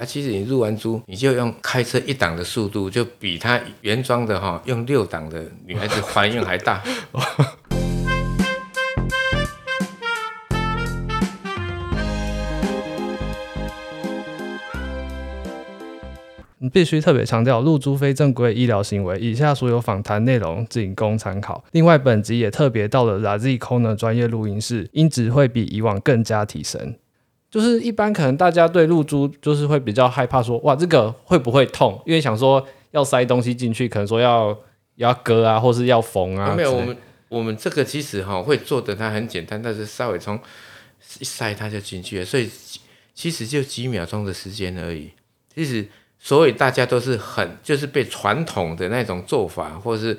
啊，其實你入完珠，你就用開車一檔的速度，就比他原裝的哈用六檔的女孩子反應還大。 你必須特別強調，入珠非正規醫療行為，以下所有訪談內容僅供參考。另外，本集也特別到了 Razikon 專業錄音室，音質會比以往更加提升。就是一般可能大家對入珠就是會比較害怕說，說哇這個會不會痛？因為想說要塞東西進去，可能說要要割啊，或是要縫啊。沒有，我們我們這個其實哈、哦、會做的它很簡單，但是三秒鐘，一塞它就進去了，所以其實就幾秒鐘的時間而已。其實所以大家都是很就是被傳統的那種做法或是。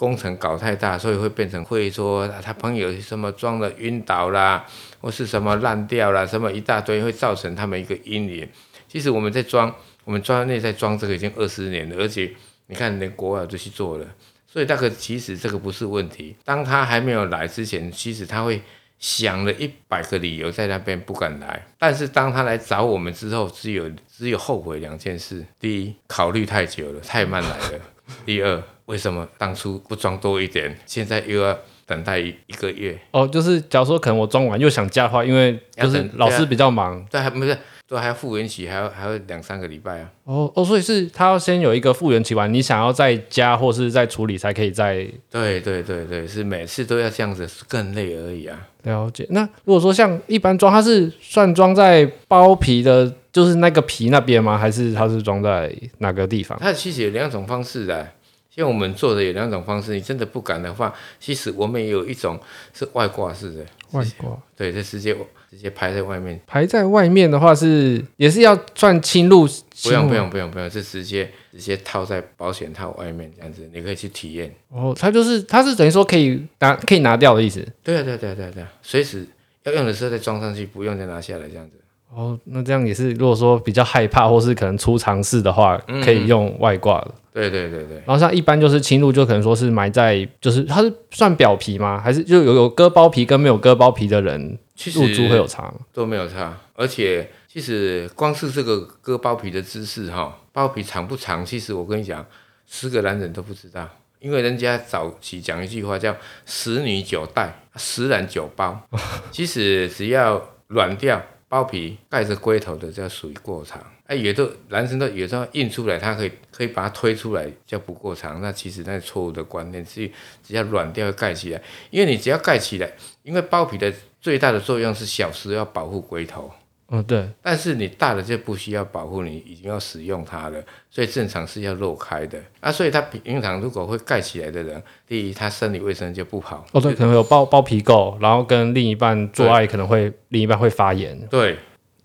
工程搞太大，所以會變成會說、啊、他朋友什麼裝了暈倒啦，或是什麼爛掉啦，什麼一大堆，會造成他們一個陰影。其實我們在裝，我們專業在裝這個已經二十年了，而且你看連國外都去做了，所以那個其實這個不是問題。當他還沒有來之前，其實他會想了一百個理由在那邊不敢來。但是當他來找我們之後，只有只有後悔兩件事：第一，考慮太久了，太慢來了； 第二。為什麼當初不裝多一點？現在又要等待一一個月？哦，就是假如說可能我裝完又想加的話，因為就是老師比較忙，對啊，還不是都還要復原期，還要還要兩三個禮拜啊。哦哦，所以是他要先有一個復原期完，你想要再加或是再處理才可以再。對對對對，是每次都要這樣子，更累而已啊。了解。那如果說像一般裝，它是算裝在包皮的，就是那個皮那邊嗎？還是它是裝在哪個地方？它其實有兩種方式的啊。像我們做的有兩種方式，你真的不敢的話，其實我們也有一種是外掛式的。外掛。對，就直接直接排在外面。排在外面的話是也是要算侵入？侵入。不用不用不用不用，是直接直接套在保險套外面這樣子，你可以去體驗。哦，它就是它是等於說可以拿可以拿掉的意思。對啊對啊對啊對啊對啊啊啊，隨時要用的時候再裝上去，不用再拿下來這樣子。哦，那這樣也是，如果說比較害怕或是可能出嘗試的話，可以用外掛的。嗯對對對對，然後像一般就是輕度，就可能說是埋在，就是它是算表皮嗎？還是就有有割包皮跟沒有割包皮的人會，其實都有差，都沒有差。而且其實光是這個割包皮的姿勢哈、哦，包皮長不長，其實我跟你講，十個男人都不知道，因為人家早期講一句話叫十女九帶，十男九包。 其實只要軟掉包皮蓋着龜頭的，這屬於過長。哎、欸，有時男生都有時候硬出來，他可以可以把它推出來，叫不過長。那其實那是錯誤的觀念，是只要軟掉蓋起來。因為你只要蓋起來，因為包皮的最大的作用是小時要保護龜頭。嗯，對。但是你大了就不需要保護，你已經要使用它了，所以正常是要露開的。啊，所以他平常如果會蓋起來的人，第一他生理衛生就不好。哦，對，可能會有包包皮垢，然後跟另一半做愛可能會另一半會發炎。對，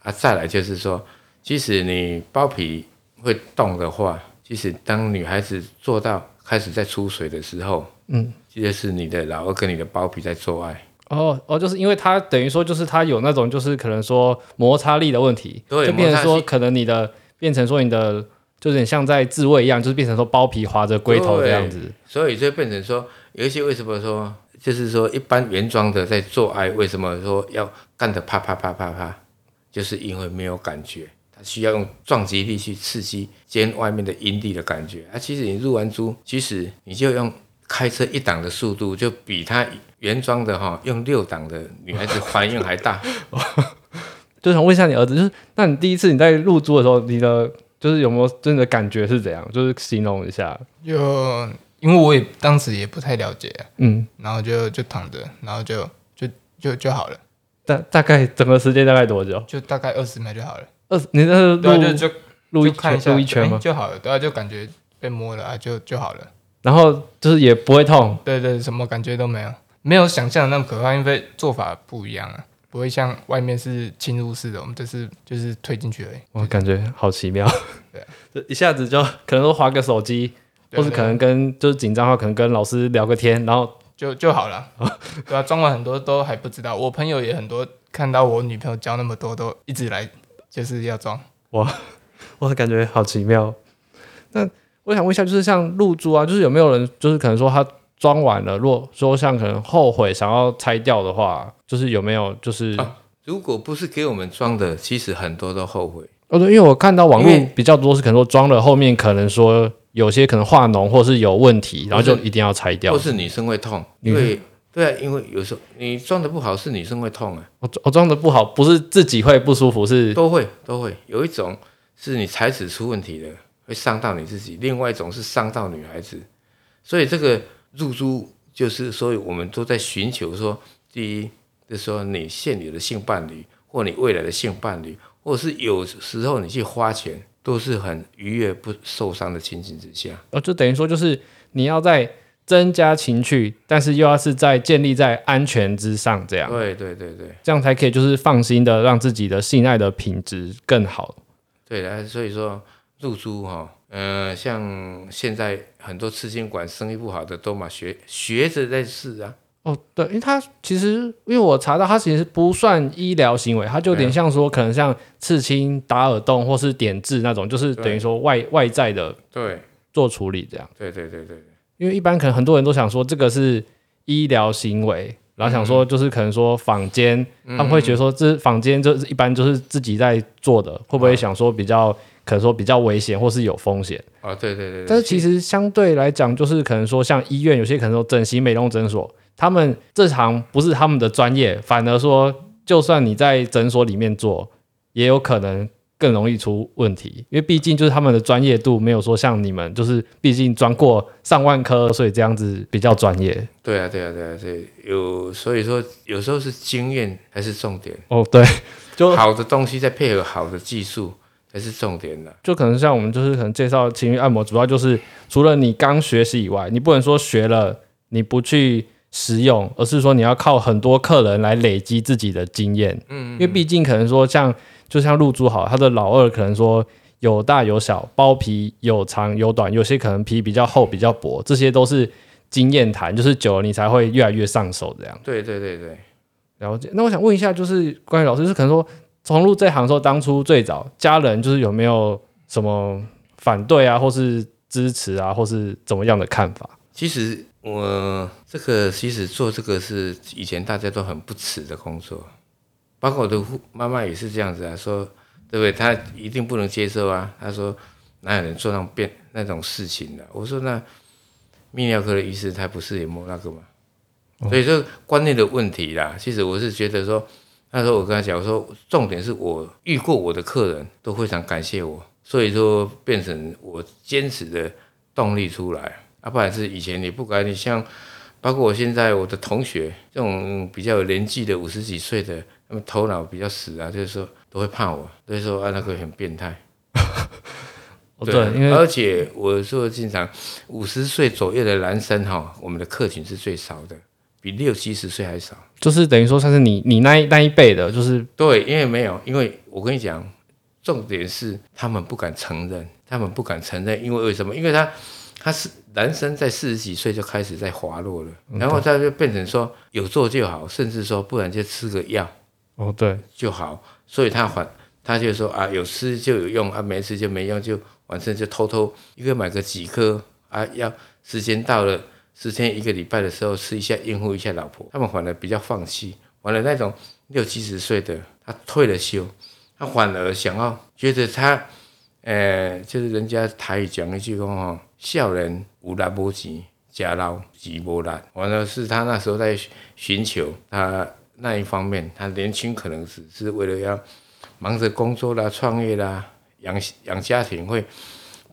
啊，再來就是說。即使你包皮會動的話，即使當女孩子做到開始在出水的時候，嗯，這就是你的老二跟你的包皮在做愛。哦哦，就是因為它，等於說，就是它有那種就是可能說摩擦力的問題，對，就變成說可能你的變成說你的，就有點像在自慰一樣，就是變成說包皮滑着龜頭這樣子。所以就變成說，有一些為什麼說就是說一般原裝的在做愛，為什麼說要幹得啪啪啪啪啪啪，就是因為沒有感覺。需要用撞擊力去刺激肩外面的陰蒂的感覺啊！其實你入完珠，其實你就用開車一檔的速度，就比它原裝的哈用六檔的女孩子反應還大。 就想問一下你兒子，就是那你第一次你在入珠的時候，你的就是有沒有真的感覺是怎樣？就是形容一下。就因為我也當時也不太了解、啊，嗯，然後就就躺着，然後就就就就好了。大大概整個時間大概多久？就大概二十秒就好了。啊、你那是錄、啊、就就錄一錄一圈，一圈、欸、就好了，對啊，就感覺被摸了啊，就就好了。然後就是也不會痛，對對、對，什麼感覺都沒有，沒有想象的那麼可怕，因為做法不一樣啊，不會像外面是侵入式的，我們這、就是就是推進去而已。我、就是、感覺好奇妙，對啊， 就一下子就可能滑個手機、啊，或是可能跟就是緊張的話，可能跟老師聊個天，然後就就好了。 對啊，裝了很多都還不知道，我朋友也很多，看到我女朋友交那麼多，都一直來。就是要裝，我，我感覺好奇妙。那我想問一下，就是像入珠啊，就是有沒有人，就是可能說他裝完了，如果說像可能後悔，想要拆掉的話，就是有沒有？就是、啊、如果不是給我們裝的、嗯，其實很多都後悔。哦對，因為我看到網絡比較多是可能說裝了後面可能說有些可能化膿或是有問題，然後就一定要拆掉。或是女生會痛，對。嗯對啊，因為有時候你裝的不好，是女生會痛啊。我我裝的不好，不是自己會不舒服，是都會都會有一種是你才子出問題了，會傷到你自己，另外一種是傷到女孩子。所以這個入珠就是，所以我們都在尋求說，第一、就是說你現有的性伴侶，或你未來的性伴侶，或者是有時候你去花錢都是很愉悅不受傷的情形之下。哦，就等於說，就是你要在。增加情趣，但是又要是在建立在安全之上，這樣對對對對，這樣才可以就是放心的讓自己的性愛的品質更好。對，然後所以說入珠哈、哦，嗯、呃，像現在很多刺青館生意不好的都嘛學學着在試啊。哦，對，因為他其實因為我查到他其實不算醫療行為，他就有點像說、啊、可能像刺青、打耳洞或是點痣那種，就是等於說外外在的對做處理這樣。對對對對。因為一般可能很多人都想說這個是醫療行為，然後想說就是可能說坊間、嗯、他們會覺得說這坊間就是一般就是自己在做的，嗯、會不會想說比較可能說比較危險或是有風險啊？對，對對對。但是其實相對來講，就是可能說像醫院有些可能說整形美容診所，他們這行不是他們的專業，反而說就算你在診所裡面做，也有可能。更容易出問題，因為畢竟就是他們的專業度沒有說像你們，就是畢竟鑽過上萬科，所以這樣子比較專業。對啊，對啊，對啊，所以有，所以說有時候是經驗還是重點哦。Oh, 對，就好的東西再配合好的技術才是重點的。啊。就可能像我們就是可能介紹情緒按摩，主要就是除了你剛學習以外，你不能說學了你不去使用，而是說你要靠很多客人來累積自己的經驗。嗯，嗯，嗯，因為畢竟可能說像。就像入珠好，他的老二可能說有大有小，包皮有長有短，有些可能皮比較厚，比較薄，這些都是經驗談，就是久了你才會越來越上手這樣。對對對對，了解。那我想問一下，就是關於老師，就是可能說從入這行說，當初最早家人就是有沒有什麼反對啊，或是支持啊，或是怎麼樣的看法？其實我這個其實做這個是以前大家都很不齒的工作。包括我的媽媽也是這樣子啊，說，對不對？她一定不能接受啊。她說，哪有人做上變那種事情的、啊？我說，那泌尿科的醫師他不是也摸那個嗎、嗯？所以這觀念的問題啦。其實我是覺得說，那時候我跟他講我說，重點是我遇過我的客人都非常感謝我，所以說變成我堅持的動力出來啊。不然，是以前你不管你像包括我現在我的同學這種比較有年紀的五十幾歲的。那麼頭腦比較死啊，就是說都會怕我，所以說啊，那個很變態。 對，因為而且我說，經常五十歲左右的男生哈，我們的客群是最少的，比六七十歲還少。就是等於說，算是你你那一那一輩的，就是對，因為沒有，因為我跟你講，重點是他們不敢承認，他們不敢承認，因為為什麼？因為他他是男生，在四十幾歲就開始在滑落了，然後他就變成說有做就好，甚至說不然就吃個藥。哦、oh，對，就好，所以他反，他就說啊，有吃就有用，啊，沒吃就沒用，就晚上就偷偷一個買個幾顆，啊，要時間到了，時間一個禮拜的時候吃一下，應付一下老婆。他們反而比較放棄，反而那種六七十歲的，他退了休，他反而想要覺得他，呃，就是人家台語講一句講哈，笑、哦、人無辣不及家老幾不辣。完了是他那時候在尋求他。那一方面，他年輕可能只是為了要忙着工作啦、創業啦、養養家庭，會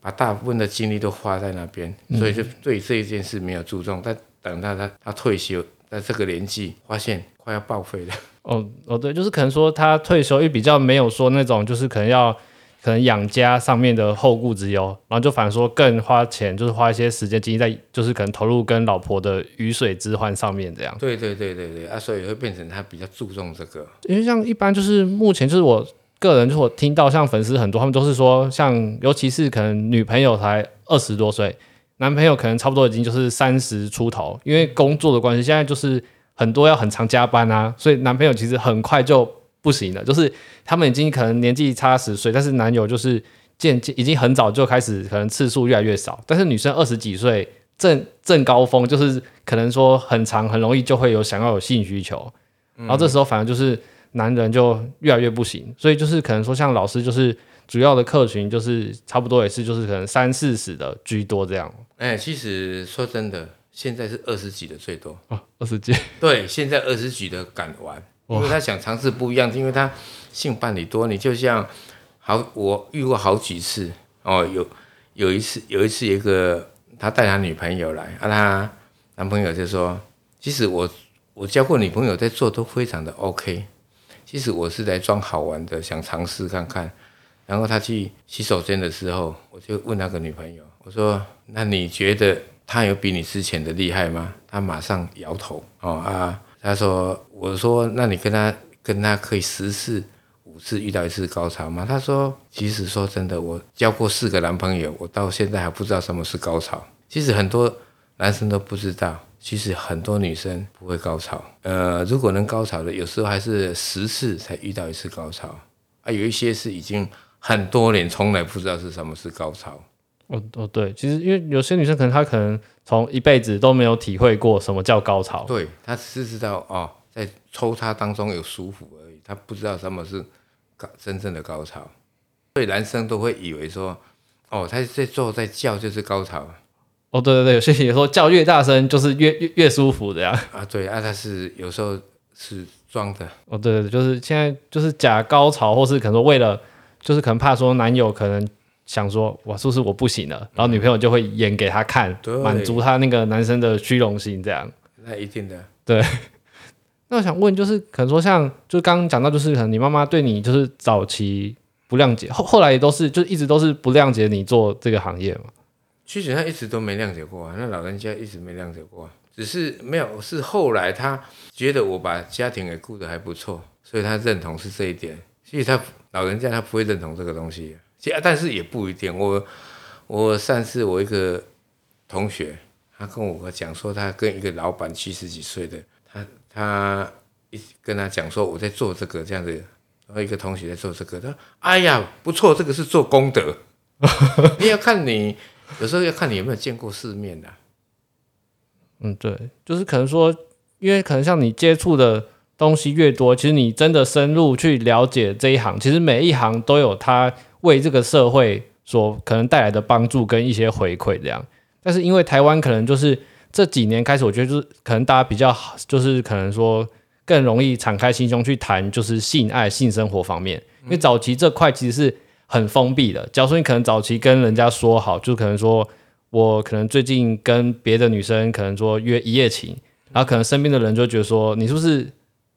把大部分的精力都花在那邊，所以就對這一件事沒有注重。嗯、但等到他他退休，在這個年紀發現快要報廢了。哦哦，對，就是可能說他退休又比較沒有說那種，就是可能要。可能養家上面的後顧之憂，然後就反而說更花錢，就是花一些時間精力在，就是可能投入跟老婆的魚水之歡上面這樣。對對對對對啊，所以會變成他比較注重這個。因為像一般就是目前就是我個人，如果聽到像粉絲很多，他們都是說像，尤其是可能女朋友才二十多歲，男朋友可能差不多已經就是三十出頭，因為工作的關係，現在就是很多要很常加班啊，所以男朋友其實很快就不行了，就是他們已經可能年紀差十歲，但是男友就是漸漸已經很早就開始，可能次數越來越少。但是女生二十幾歲正正高峰，就是可能說很常很容易就會有想要有性需求，然後這時候反而就是男人就越來越不行，嗯、所以就是可能說像老師就是主要的客群就是差不多也是就是可能三四十的居多這樣。哎、欸，其實說真的，現在是二十幾的最多哦，二十幾。對，現在二十幾的敢玩。因為他想嘗試不一樣，因為他性伴侶多。你就像，好，我遇過好幾次哦。有有一次，有一次有一個他帶他女朋友來，啊，他男朋友就說：“其實我我交過女朋友在做都非常的 OK，其實我是來裝好玩的，想嘗試看看。”然後他去洗手間的時候，我就問那個女朋友：“我說，那你覺得他有比你之前的厲害嗎？”他馬上搖頭哦啊。他說：“我說，那你跟他跟他可以十次、五次遇到一次高潮嗎？”他說：“其實說真的，我交過四個男朋友，我到現在還不知道什麼是高潮。其實很多男生都不知道，其實很多女生不會高潮。呃，如果能高潮的，有時候還是十次才遇到一次高潮。啊，有一些是已經很多年從來不知道是什麼是高潮。”哦哦對，其實因為有些女生可能她可能從一輩子都沒有體會過什麼叫高潮，對，她只是知道哦，在抽插當中有舒服而已，她不知道什麼是高真正的高潮，所以男生都會以為說哦，他在最後在叫就是高潮，哦對對對，有些也說叫越大聲就是越越、越舒服的呀，啊對，啊他是有時候是裝的，哦對對對，就是現在就是假高潮，或是可能說為了就是可能怕說男友可能。想說哇，是不是我不行了？嗯？然後女朋友就會演給他看，滿足他那個男生的虛榮心，這樣。那一定的。對。那我想問，就是可能說像，像就剛剛講到，就是可能你媽媽對你就是早期不諒解，後後來也都是，就一直都是不諒解你做這個行業嘛？其實，他一直都沒諒解過，啊。那老人家一直沒諒解過，啊，只是沒有，是後來他覺得我把家庭給顧得還不錯，所以他認同是這一點。所以，他老人家他不會認同這個東西，啊。啊！但是也不一定。我我上次我一個同學，他跟我講說，他跟一個老闆七十幾歲的，他他一跟他講說，我在做這個這樣子，然後一個同學在做這個，他說：“哎呀，不錯，這個是做功德。 ”你要看你有時候要看你有沒有見過世面的啊。嗯，對，就是可能說，因為可能像你接觸的東西越多，其實你真的深入去了解這一行，其實每一行都有它。為這個社會所可能帶來的幫助跟一些回饋這樣，但是因為台灣可能就是這幾年開始，我覺得就是可能大家比較就是可能說更容易敞開心胸去談就是性愛、性生活方面，因為早期這塊其實是很封閉的。假如你可能早期跟人家說好，就可能說我可能最近跟別的女生可能說約一夜情，然後可能身邊的人就覺得說你是不是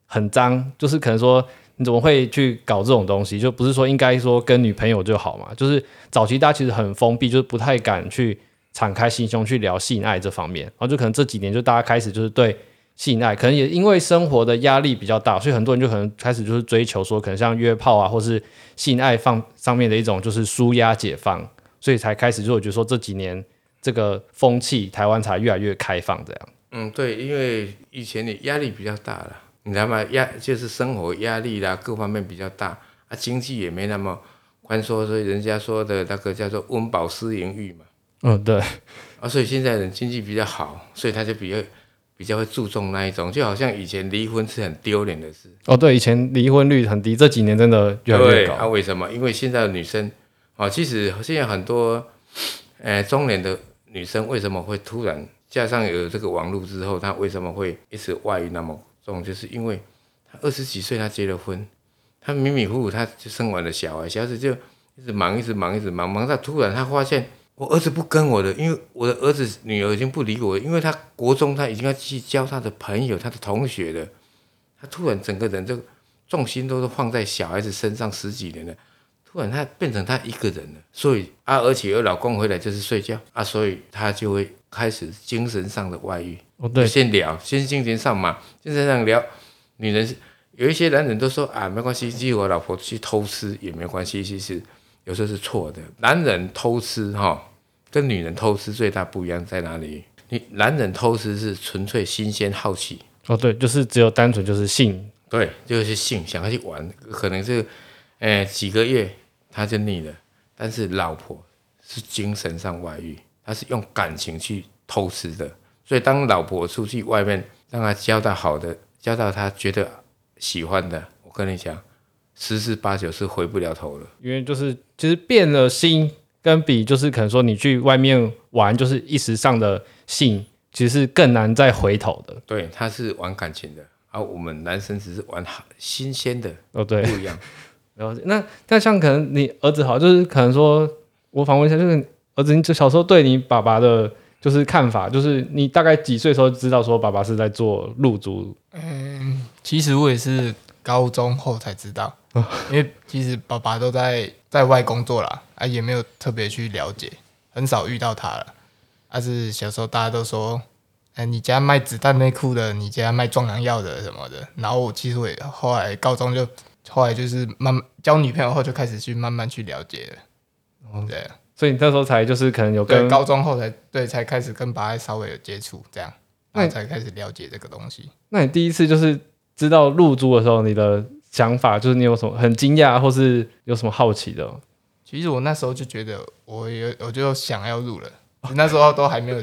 很髒，就是可能說。你怎麼會去搞這種東西？就不是說應該說跟女朋友就好嘛？就是早期大家其實很封閉，就是不太敢去敞開心胸去聊性愛這方面。然後就可能這幾年，就大家開始就是對性愛，可能也因為生活的壓力比較大，所以很多人就可能開始就是追求說，可能像約炮啊，或是性愛放上面的一種就是舒壓解放，所以才開始。就會覺得說這幾年這個風氣，台灣才越來越開放這樣。嗯，對，因為以前你壓力比較大了。你知道嗎？壓就是生活壓力啦、啊，各方面比較大啊，經濟也沒那麼寬鬆。所以人家說的那個叫做“溫飽思淫欲”嘛。嗯，對。啊，所以現在人經濟比較好，所以他就比較比較會注重那一種，就好像以前離婚是很丟臉的事。哦，對，以前離婚率很低，這幾年真的越來越高，哦啊。為什麼？因為現在的女生啊、哦，其實現在很多呃中年的女生為什麼會突然加上有這個網絡之後，她為什麼會一直外遇那麼？這種就是因為他二十幾歲，他結了婚，他迷迷糊糊，他就生完了小孩，小孩子就一直忙，一直忙，一直忙，忙到突然他發現，我兒子不跟我的，因為我的兒子女兒已經不理我了，因為他國中他已經要去交他的朋友，他的同學了，他突然整個人就重心都是放在小孩子身上十幾年了，突然他變成他一個人了，所以啊，而且我老公回來就是睡覺啊，所以他就會開始精神上的外遇。Oh, 對，先聊，先精神上嘛，精神上聊。女人是，有一些男人，都說啊，沒關係，即使我老婆去偷吃也沒關係。其實有時候是錯的。男人偷吃哈，跟女人偷吃最大不一樣在哪裡？你男人偷吃是純粹新鮮好奇。哦，對，就是只有單純就是性，對，就是性，想要去玩，可能是哎幾個月他就膩了。但是老婆是精神上外遇，她是用感情去偷吃的。所以，當老婆出去外面，讓她交到好的，交到她覺得喜歡的，我跟你講，十之八九是回不了頭了。因為就是其實變了心，跟比就是可能說你去外面玩，就是一時上的性，其實是更難再回頭的。對，他是玩感情的，而、啊、我們男生只是玩好新鮮的。哦，對，不一樣。然後 那那像可能你兒子好，就是可能說，我反問一下，就是兒子，你小時候對你爸爸的。就是看法，就是你大概幾歲時候知道說爸爸是在做入珠？嗯，其實我也是高中後才知道，哦、因為其實爸爸都在在外工作了，啊也沒有特別去了解，很少遇到他了。但、啊、是小時候大家都說，哎、欸，你家賣子彈內褲的，你家賣壯陽藥的什麼的。然後我其實我也後來高中就，後來就是慢，慢交女朋友後就開始去慢慢去了解了，哦、對、啊。所以你那時候才就是可能有跟高中後才對才開始跟爸爸稍微有接觸這樣，那才開始了解這個東西。那你第一次就是知道入珠的時候，你的想法就是你有什麼很驚訝或是有什麼好奇的？其實我那時候就覺得，我有我就想要入了，那時候都還沒有，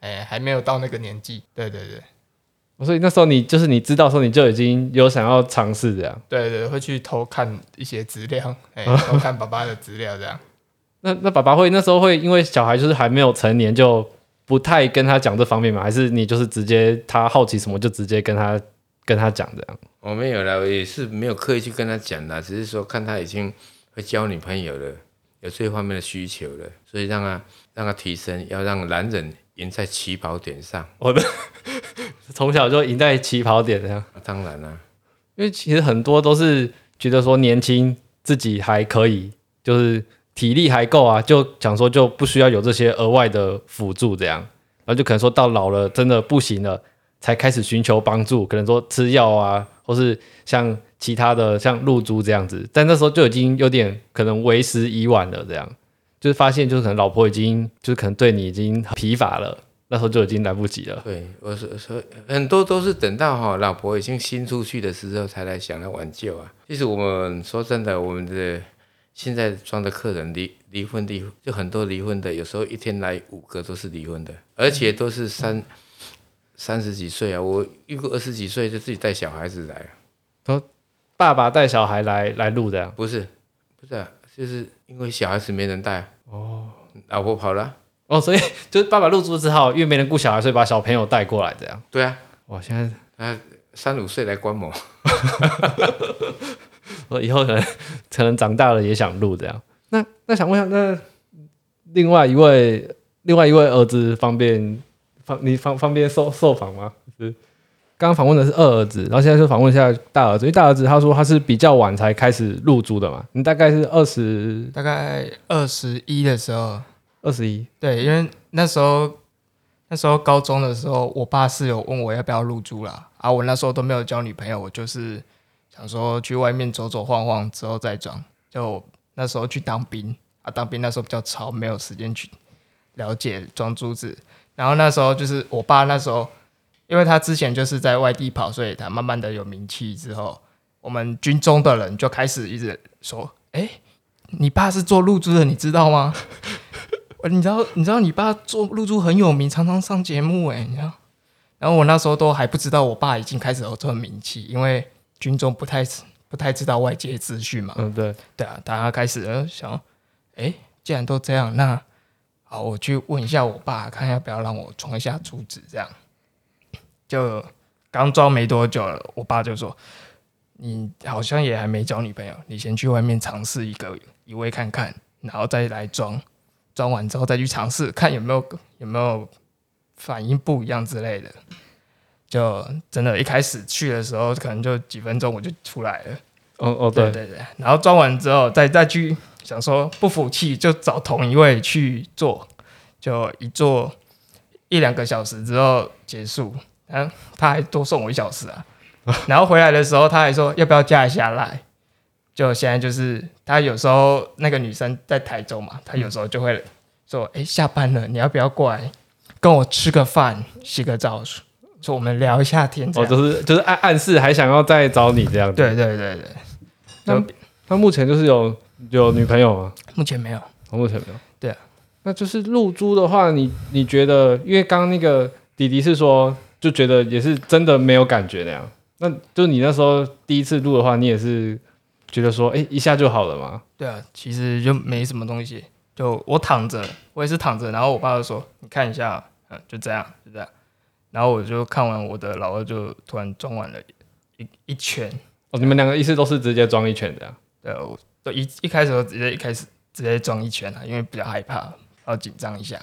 哎、 欸，還沒有到那個年紀。對對對，所以那時候你就是你知道的時候你就已經有想要嘗試這樣。對，對對，會去偷看一些資料，哎、欸，偷看爸爸的資料這樣。那那爸爸會那時候會因為小孩就是還沒有成年就不太跟他講這方面嗎？還是你就是直接他好奇什麼就直接跟他跟他講這樣？我沒有啦，我也是沒有刻意去跟他講的，只是說看他已經會交女朋友了，有這方面的需求了，所以讓他讓他提升，要讓男人贏在起跑點上。我的從小就贏在起跑點上、啊、當然了、啊，因為其實很多都是覺得說年輕自己還可以，就是。體力還夠啊，就講說就不需要有這些額外的輔助，這樣，然後就可能說到老了真的不行了，才開始尋求幫助，可能說吃藥啊，或是像其他的像入珠這樣子，但那時候就已經有點可能為時已晚了，這樣，就是發現就是可能老婆已經就是可能對你已經疲乏了，那時候就已經來不及了。對，我說，所以很多都是等到哈老婆已經心出去的時候才來想來挽救啊，其實我們說真的，我們的。現在裝的客人離離婚離就很多離婚的，有時候一天來五個都是離婚的，而且都是三三十幾歲啊。我一個二十幾歲就自己帶小孩子來了。哦，爸爸帶小孩來來錄的。啊，不是不是啊，就是因為小孩子沒人帶哦，老婆跑了、啊、哦，所以就是爸爸入珠之後，因為沒人顧小孩，所以把小朋友帶過來這樣。對啊，我現在三五歲來觀摩。 我以後可能可能長大了也想入這樣。那那想問一下，那另外一位另外一位兒子，方便方你方方便受受訪嗎？是剛剛訪問的是二兒子，然後現在就訪問一下大兒子。因為大兒子他說他是比較晚才開始入珠的嘛，你大概是二十，大概二十一的時候，二十一。對，因為那時候那時候高中的時候，我爸是有問我要不要入珠了啊。我那時候都沒有交女朋友，我就是。想說去外面走走晃晃之後再裝，就那時候去當兵啊，當兵那時候比較潮，沒有時間去了解裝珠子。然後那時候就是我爸那時候，因為他之前就是在外地跑，所以他慢慢的有名氣之後，我們軍中的人就開始一直說：“哎，你爸是做入珠的，你知道嗎？”你知道你知道你爸做入珠很有名，常常上節目哎、欸，你知道。然後我那時候都還不知道我爸已經開始有這麼名氣，因為。軍中不太不太知道外界資訊嘛，嗯、對對啊，大家開始想，哎、欸，既然都這樣，那好，我去問一下我爸，看要不要讓我裝一下珠子，這樣就剛裝沒多久了，我爸就說，你好像也還沒交女朋友，你先去外面嘗試一個一位看看，然後再來裝，裝完之後再去嘗試，看有沒有有沒有反應不一樣之類的。就真的，一開始去的時候，可能就幾分鐘我就出來了。哦哦，對對對。對然後裝完之後，再再去想說不服氣，就找同一位去做，就一做一兩個小時之後結束。後、啊、他還多送我一小時啊。然後回來的時候，他還說要不要加一下 Line？就現在就是他有時候那個女生在台中嘛，他有時候就會說：“哎、欸，下班了，你要不要過來跟我吃個飯，洗個澡？”就我們聊一下天，哦，就是就是暗暗示，還想要再找你這樣子。 對對對對。那那目前就是有有女朋友嗎？嗯、目前沒有，我、哦、目前沒有。對啊，那就是入珠的話，你你覺得，因為剛剛那個弟弟是說，就覺得也是真的沒有感覺那樣。那就你那時候第一次入的話，你也是覺得說，誒、欸、一下就好了嗎？對啊，其實就沒什麼東西，就我躺着，我也是躺着，然後我爸就說，你看一下、啊，嗯，就這樣，就這樣。然後我就看完我的老二，然後就突然裝完了一一圈。哦，你們兩個意思都是直接裝一圈這樣？對，我一一開始就直接一開始直接裝一圈了、啊，因為比較害怕，要緊張一下。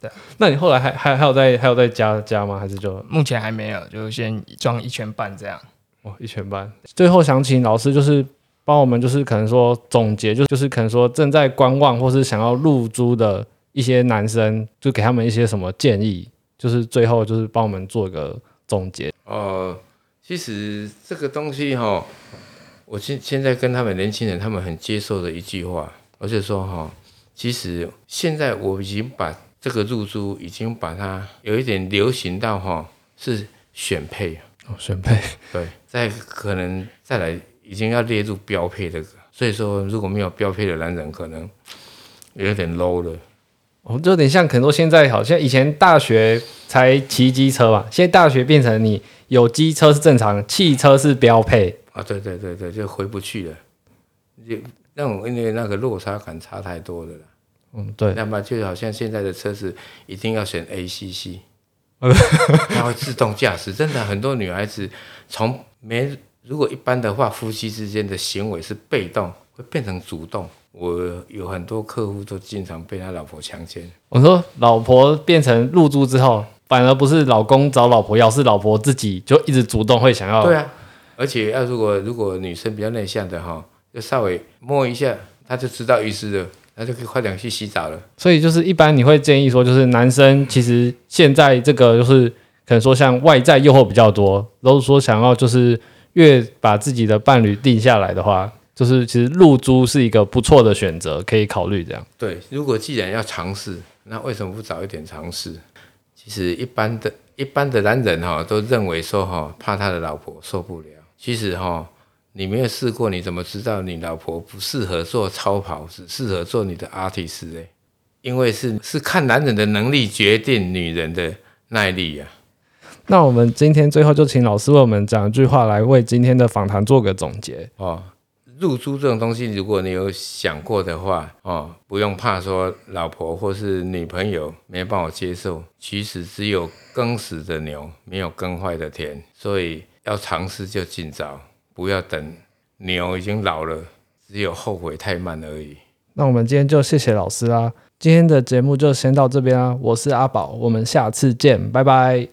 對， 那你後來還還還有在還有在加加嗎？還是就目前還沒有，就先裝一圈半這樣。哦，一圈半。最後想請老師就是幫我們就是可能說總結，就是就是可能說正在觀望或是想要入珠的一些男生，就給他們一些什麼建議。就是最後就是幫我們做一個總結哦、呃。其實這個東西哈，我現現在跟他們年輕人，他們很接受的一句話，而且說哈，其實現在我已經把這個入珠已經把它有一點流行到哈，是選配哦，選配對，再可能再來已經要列入標配的，所以說如果沒有標配的男人，可能有點 low 了。我們就有點像，可能現在好像以前大學才騎機車吧，現在大學變成你有機車是正常，汽車是標配啊！對對對對，就回不去了。就那種因為那個落差感差太多了。嗯，對。那麼就好像現在的車子一定要選 ACC、嗯、它會自動駕駛。真的，很多女孩子從沒如果一般的話，夫妻之間的行為是被動，會變成主動。我有很多客戶都經常被他老婆強奸。我說，老婆變成入珠之後，反而不是老公找老婆要，是老婆自己就一直主動會想要。對啊，而且要、啊、如果如果女生比較內向的哈、哦，就稍微摸一下，她就知道意思了，她就可以快點去洗澡了。所以就是一般你會建議說，就是男生其實現在這個就是可能說像外在誘惑比較多，如果說想要就是越把自己的伴侶定下來的話。就是其實入珠是一個不錯的選擇，可以考慮這樣。對，如果既然要嘗試，那為什麼不早一點嘗試？其實一般的、一般的男人哈、哦，都認為說哈、哦，怕他的老婆受不了。其實哈、哦，你沒有試過，你怎麼知道你老婆不適合做超跑，只適合做你的阿提斯？哎，因為是是看男人的能力決定女人的耐力呀、啊。那我們今天最後就請老師為我們講一句話，來為今天的訪談做個總結哦。入珠這種東西，如果你有想過的話，哦，不用怕說老婆或是女朋友沒辦法接受。其實只有耕死的牛，沒有耕壞的田，所以要嘗試就儘早，不要等牛已經老了，只有後悔太慢而已。那我們今天就謝謝老師啦，今天的節目就先到這邊啦，我是阿寶，我們下次見，拜拜。